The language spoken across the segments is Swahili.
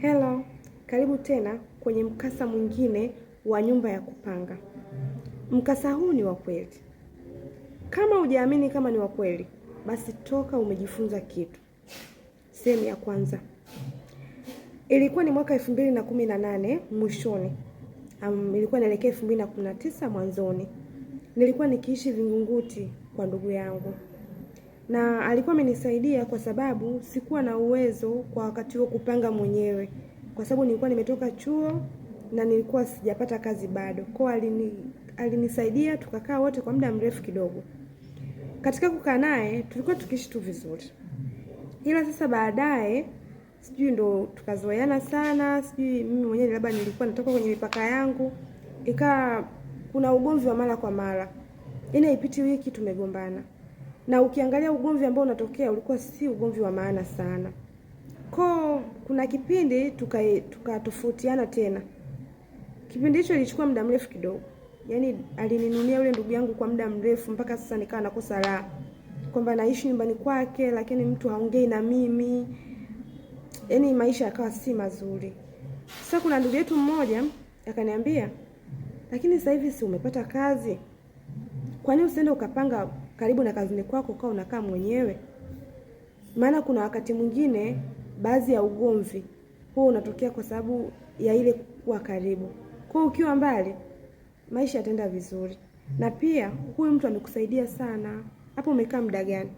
Hello, karibu tena kwenye mkasa mwingine wa nyumba ya kupanga. Mkasa huu ni wa kweli. Kama hujaamini kama ni wa kweli, basi toka umejifunza kitu. Sehemu ya kwanza. Ilikuwa ni mwaka elfu mbili na kumi na nane mwishoni. Um, ilikuwa inaelekea elfu mbili na kumi na tisa mwanzoni. Nilikuwa nikiishi Vingunguti kwa ndugu yangu na alikuwa amenisaidia kwa sababu sikuwa na uwezo kwa wakati huo kupanga mwenyewe, kwa sababu nilikuwa nimetoka chuo na nilikuwa sijapata kazi bado. Kwa alini, alinisaidia tukakaa wote kwa muda mrefu kidogo. Katika kukaa naye tulikuwa tukiishi tu vizuri, ila sasa baadaye sijui ndo tukazoeana sana, sijui mimi mwenyewe labda nilikuwa natoka kwenye mipaka yangu, ikawa kuna ugomvi wa mara kwa mara, ina yaani ipiti wiki tumegombana na ukiangalia ugomvi ambao unatokea ulikuwa si ugomvi wa maana sana. Ko, kuna kipindi tukatofautiana tuka tena. Kipindi hicho ilichukua muda mrefu kidogo, yaani alininunia yule ndugu yangu kwa muda mrefu, mpaka sasa nikawa nakosa raha kwamba naishi nyumbani kwake, lakini mtu haongei na mimi, yaani maisha yakawa si mazuri. Sasa kuna ndugu yetu mmoja akaniambia, lakini sasa hivi si umepata kazi, kwa nini usiende ukapanga karibu na kazini kwako, ukawa unakaa mwenyewe? Maana kuna wakati mwingine baadhi ya ugomvi huo unatokea kwa sababu ya ile kuwa karibu. Kwa ukiwa mbali, maisha yataenda vizuri, na pia huyu mtu amekusaidia sana. Hapo umekaa muda gani?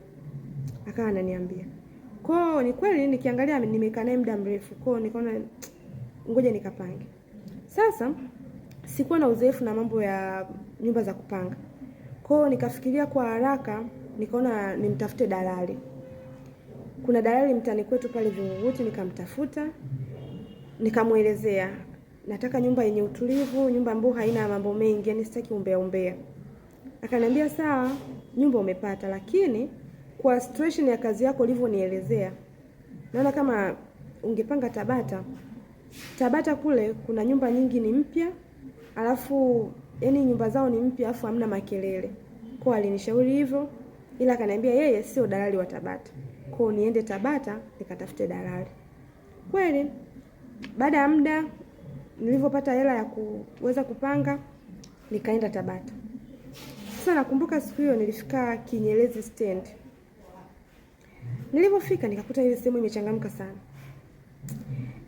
Akawa ananiambia kwao. Ni kweli, nikiangalia nimekaa naye muda mrefu kwao, nikaona ngoja nikapange. Sasa sikuwa na uzoefu na mambo ya nyumba za kupanga. Kwao nikafikiria kwa haraka, nikaona nimtafute dalali. Kuna dalali mtani kwetu pale Vingunguti, nikamtafuta nikamwelezea nataka nyumba yenye utulivu, nyumba ambayo haina mambo mengi, yani sitaki umbea umbea. Akaniambia sawa, nyumba umepata, lakini kwa situation ya kazi yako ulivyonielezea, naona kama ungepanga Tabata. Tabata kule kuna nyumba nyingi ni mpya, alafu yani nyumba zao ni mpya afu hamna makelele. Kwa alinishauri hivyo, ila akaniambia yeye sio dalali wa Tabata, kwa niende Tabata nikatafute dalali. Kweli baada ya muda nilivyopata hela ya kuweza kupanga nikaenda Tabata. Sasa nakumbuka siku hiyo nilifika Kinyerezi stand. Nilipofika nikakuta ile sehemu imechangamka sana,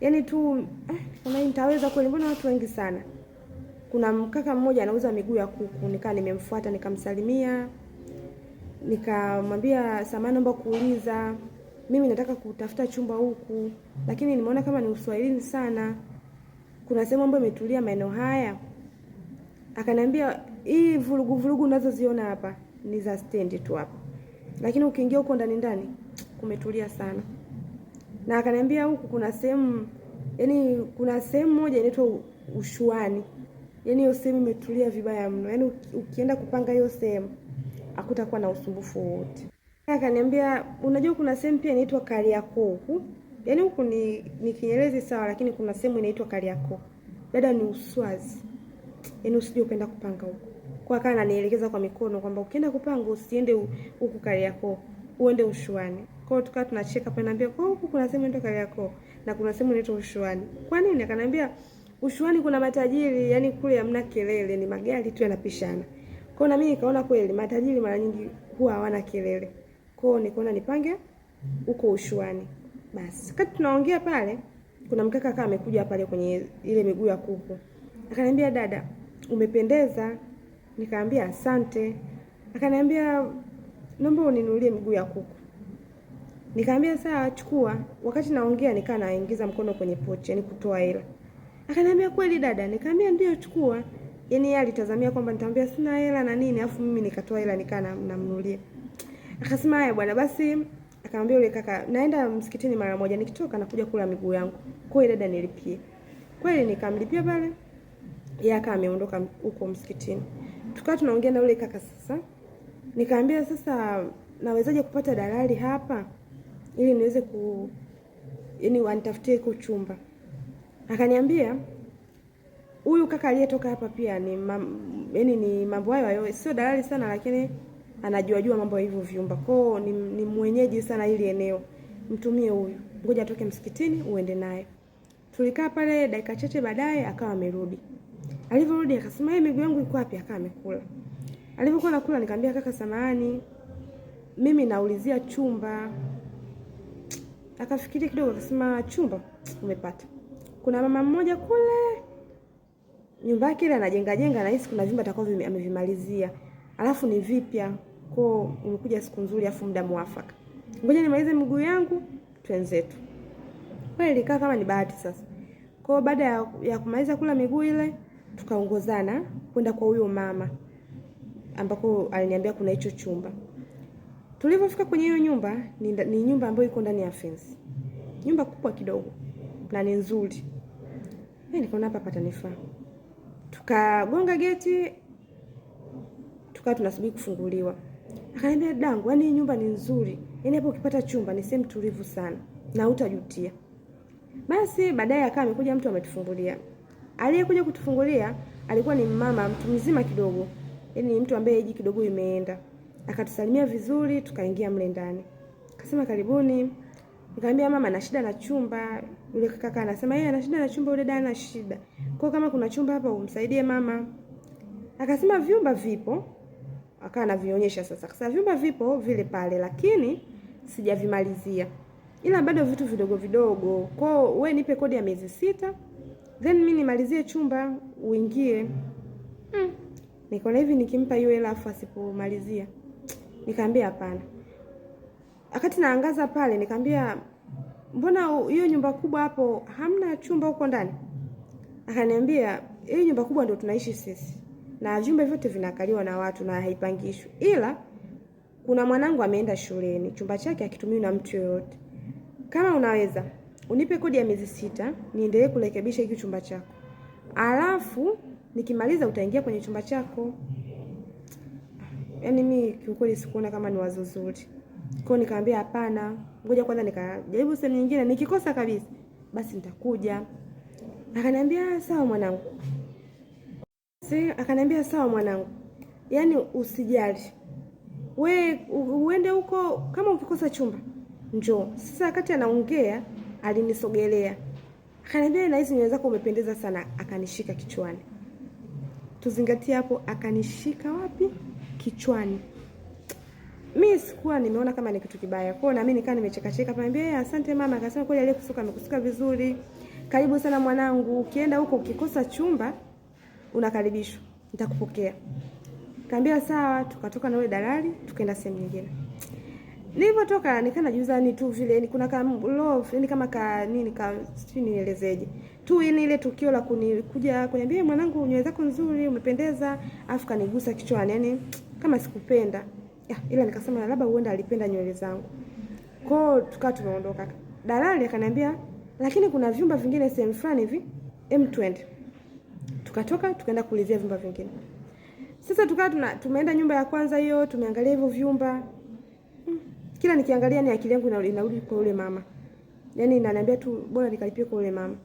yaani tu eh, kama nitaweza kweli, mbona watu wengi sana kuna mkaka mmoja anauza miguu ya kuku, nikaa nimemfuata nikamsalimia, nikamwambia samani, naomba kuuliza, mimi nataka kutafuta chumba huku, lakini nimeona kama ni uswahilini sana, kuna sehemu ambayo imetulia maeneo haya? Akaniambia hii vurugu vurugu unazoziona hapa ni za stendi tu hapa, lakini ukiingia huko ndani ndani kumetulia sana. Na akaniambia huku kuna sehemu, yani kuna sehemu moja inaitwa Ushuani yani hiyo sehemu imetulia vibaya mno, yani ukienda kupanga hiyo sehemu hakutakuwa na usumbufu wowote. Akaniambia, unajua kuna sehemu pia inaitwa Kariakoo huku, yani huku ni, ni Kinyerezi sawa, lakini kuna sehemu inaitwa Kariakoo. Dada ni uswazi, yani usije ukaenda kupanga huku kwa kana, ananielekeza kwa mikono kwamba ukienda kupanga usiende huku Kariakoo, uende Ushuani. Kwa hiyo tukawa tunacheka pale, naambia kwa huku kuna sehemu inaitwa Kariakoo na kuna sehemu inaitwa Ushuani. Kwa nini? Akaniambia Ushuani kuna matajiri, yani kule hamna kelele, ni magari tu yanapishana. Kwa na mimi nikaona kweli matajiri mara nyingi huwa hawana kelele. Kwa nikaona nipange huko Ushuani. Bas, wakati tunaongea pale, kuna mkaka kama amekuja pale kwenye ile miguu ya kuku. Akaniambia, dada, umependeza. Nikaambia asante. Akaniambia, naomba uninulie miguu ya kuku. Nikaambia sawa, chukua. Wakati naongea nikaa naingiza mkono kwenye pochi, yani kutoa hela. Akaniambia kweli dada? Nikamwambia ndio, chukua. Yaani yeye alitazamia kwamba nitamwambia sina hela na nini, afu mimi nikatoa hela nikaa namnunulia. Akasema haya bwana, basi akamwambia yule kaka, naenda msikitini mara moja, nikitoka nakuja kula miguu yangu. Kwa hiyo dada nilipie. Kweli nikamlipia pale. Yeye akawa ameondoka huko msikitini. Tukawa tunaongea na yule kaka sasa. Nikaambia sasa nawezaje kupata dalali hapa ili niweze ku yaani wanitafutie kuchumba chumba akaniambia huyu kaka aliyetoka hapa pia ni mam, yani ni mambo hayo hayo, sio dalali sana, lakini anajua jua mambo ya hivyo vyumba kwao, ni, ni mwenyeji sana ili eneo, mtumie huyu, ngoja atoke msikitini uende naye. Tulikaa pale dakika chache, baadaye akawa amerudi. Alivyorudi akasema yeye, miguu yangu iko wapi? Akawa amekula. Alivyokuwa anakula, nikamwambia kaka, samahani, mimi naulizia chumba. Akafikiria kidogo, akasema chumba umepata kuna mama mmoja kule nyumba yake ile anajenga jenga, nahisi kuna vyumba atakao amevimalizia, alafu ni vipya kwao. Umekuja siku nzuri, afu muda mwafaka. Ngoja nimalize miguu yangu, twenzetu. Kweli ilikaa kama ni bahati. Sasa kwao, baada ya, ya kumaliza kula miguu ile, tukaongozana kwenda kwa huyo mama ambako aliniambia kuna hicho chumba. Tulivyofika kwenye hiyo nyumba ni, ni nyumba ambayo iko ndani ya fence, nyumba kubwa kidogo na ni nzuri nikaona hapa patanifaa. Tukagonga geti, tukawa tunasubiri kufunguliwa. Akaniambia, dangu, yaani nyumba ni nzuri, yani hapo ukipata chumba ni sehemu tulivu sana na utajutia. Basi baadaye akawa amekuja mtu ametufungulia. Aliyekuja kutufungulia alikuwa ni mama mtu mzima kidogo, yaani mtu ambaye hiji kidogo imeenda. Akatusalimia vizuri, tukaingia mle ndani, akasema karibuni. Nikamwambia mama, ana shida na chumba. Yule kaka anasema yeye eh, ana shida na chumba, yule dada ana shida. Kwa kama kuna chumba hapa umsaidie mama. Akasema vyumba vipo. Akawa anavionyesha sasa. Sasa vyumba vipo vile pale, lakini sijavimalizia. Ila bado vitu vidogo vidogo. Kwa we nipe kodi ya miezi sita. Then mimi nimalizie chumba uingie. Hmm. Nikaona hivi nikimpa hiyo hela afu asipomalizia. Nikamwambia hapana. Wakati naangaza pale, nikamwambia mbona hiyo nyumba kubwa hapo hamna chumba huko ndani? Akaniambia hiyo nyumba kubwa ndio tunaishi sisi na vyumba vyote vinakaliwa na watu na haipangishwi, ila kuna mwanangu ameenda shuleni, chumba chake hakitumiwi na mtu yoyote. Kama unaweza unipe kodi ya miezi sita niendelee kurekebisha hiki chumba chako, alafu nikimaliza utaingia kwenye chumba chako. Yaani mi kiukweli sikuona kama ni wazo zuri. Kwa nikamwambia hapana, ngoja kwanza nikajaribu sehemu nyingine, nikikosa kabisa basi nitakuja. Akaniambia sawa mwanangu. Si akaniambia sawa mwanangu, yaani usijali we uende huko, kama ukikosa chumba njoo. Sasa wakati anaongea alinisogelea, akaniambia na hizi nywele zako umependeza sana, akanishika kichwani. Tuzingatie hapo, akanishika wapi? Kichwani mi sikuwa nimeona kama ni kitu kibaya kwao, na mimi nikaa nimechekacheka, pambia eh, asante mama. Akasema kweli aliyekusuka amekusuka vizuri, karibu sana mwanangu, ukienda huko ukikosa chumba unakaribishwa, nitakupokea. Kaambia sawa, tukatoka na yule dalali tukaenda sehemu nyingine. Nilipotoka nikaa najiuliza ni tu vile ni kuna kama love ni kama ka nini ka sijui nielezeje tu ile ile tukio la kunikuja kuniambia eh, mwanangu, nywele zako nzuri, umependeza, afu kanigusa kichwani, yani kama sikupenda ila nikasema labda huenda alipenda nywele zangu. Kwao tukawa tumeondoka. Dalali akaniambia lakini kuna vyumba vingine sehemu fulani hivi, em twende. Tukatoka tukaenda kuulizia vyumba vingine. Sasa tukawa tuna tumeenda nyumba ya kwanza hiyo, tumeangalia hivyo vyumba. Hmm, kila nikiangalia ni akili yangu inarudi kwa yule mama. Yaani inaniambia tu bora nikalipie kwa yule mama.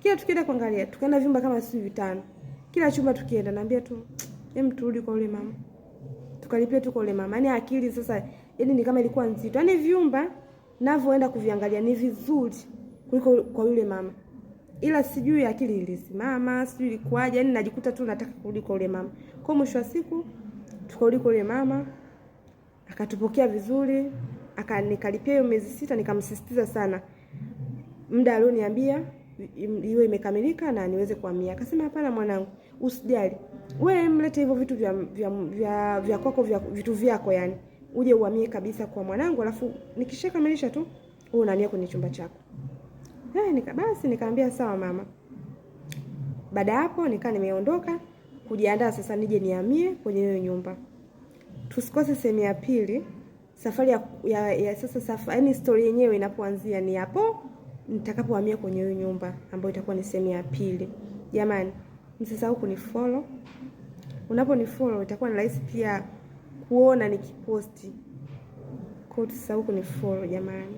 Kila tukienda kuangalia, tukaenda vyumba kama sisi vitano. Kila chumba tukienda naambia tu, hem turudi kwa yule mama tukalipia tuko ule mama. Yaani akili sasa, yaani ni kama ilikuwa nzito. Yaani vyumba navyoenda kuviangalia ni vizuri kuliko kwa yule mama, ila sijui akili ilisimama, sijui ilikuwaje. Yaani najikuta tu nataka kurudi kwa yule mama. Kwa mwisho wa siku tukarudi kwa yule mama, akatupokea vizuri, akanikalipia hiyo miezi sita. Nikamsisitiza sana muda alioniambia iwe imekamilika na niweze kuhamia. Akasema hapana mwanangu usijali we, mlete hivyo vitu vya vya vya, vya kwako vya, vitu vyako yani, uje uhamie kabisa kwa mwanangu, alafu nikishakamilisha tu wewe unahamia kwenye chumba chako. Eh, nika basi nikaambia sawa mama. Baada hapo nikaa nimeondoka kujiandaa sasa nije niamie kwenye hiyo nyumba. Tusikose sehemu ya pili. Safari ya, ya, ya sasa safa, yani story yenyewe inapoanzia ni hapo nitakapohamia kwenye hiyo nyumba ambayo itakuwa ni sehemu ya pili. Jamani Msisahau kunifollow. Unaponifollow itakuwa ni rahisi pia kuona nikiposti. Kwa hiyo tusisahau kunifollow jamani.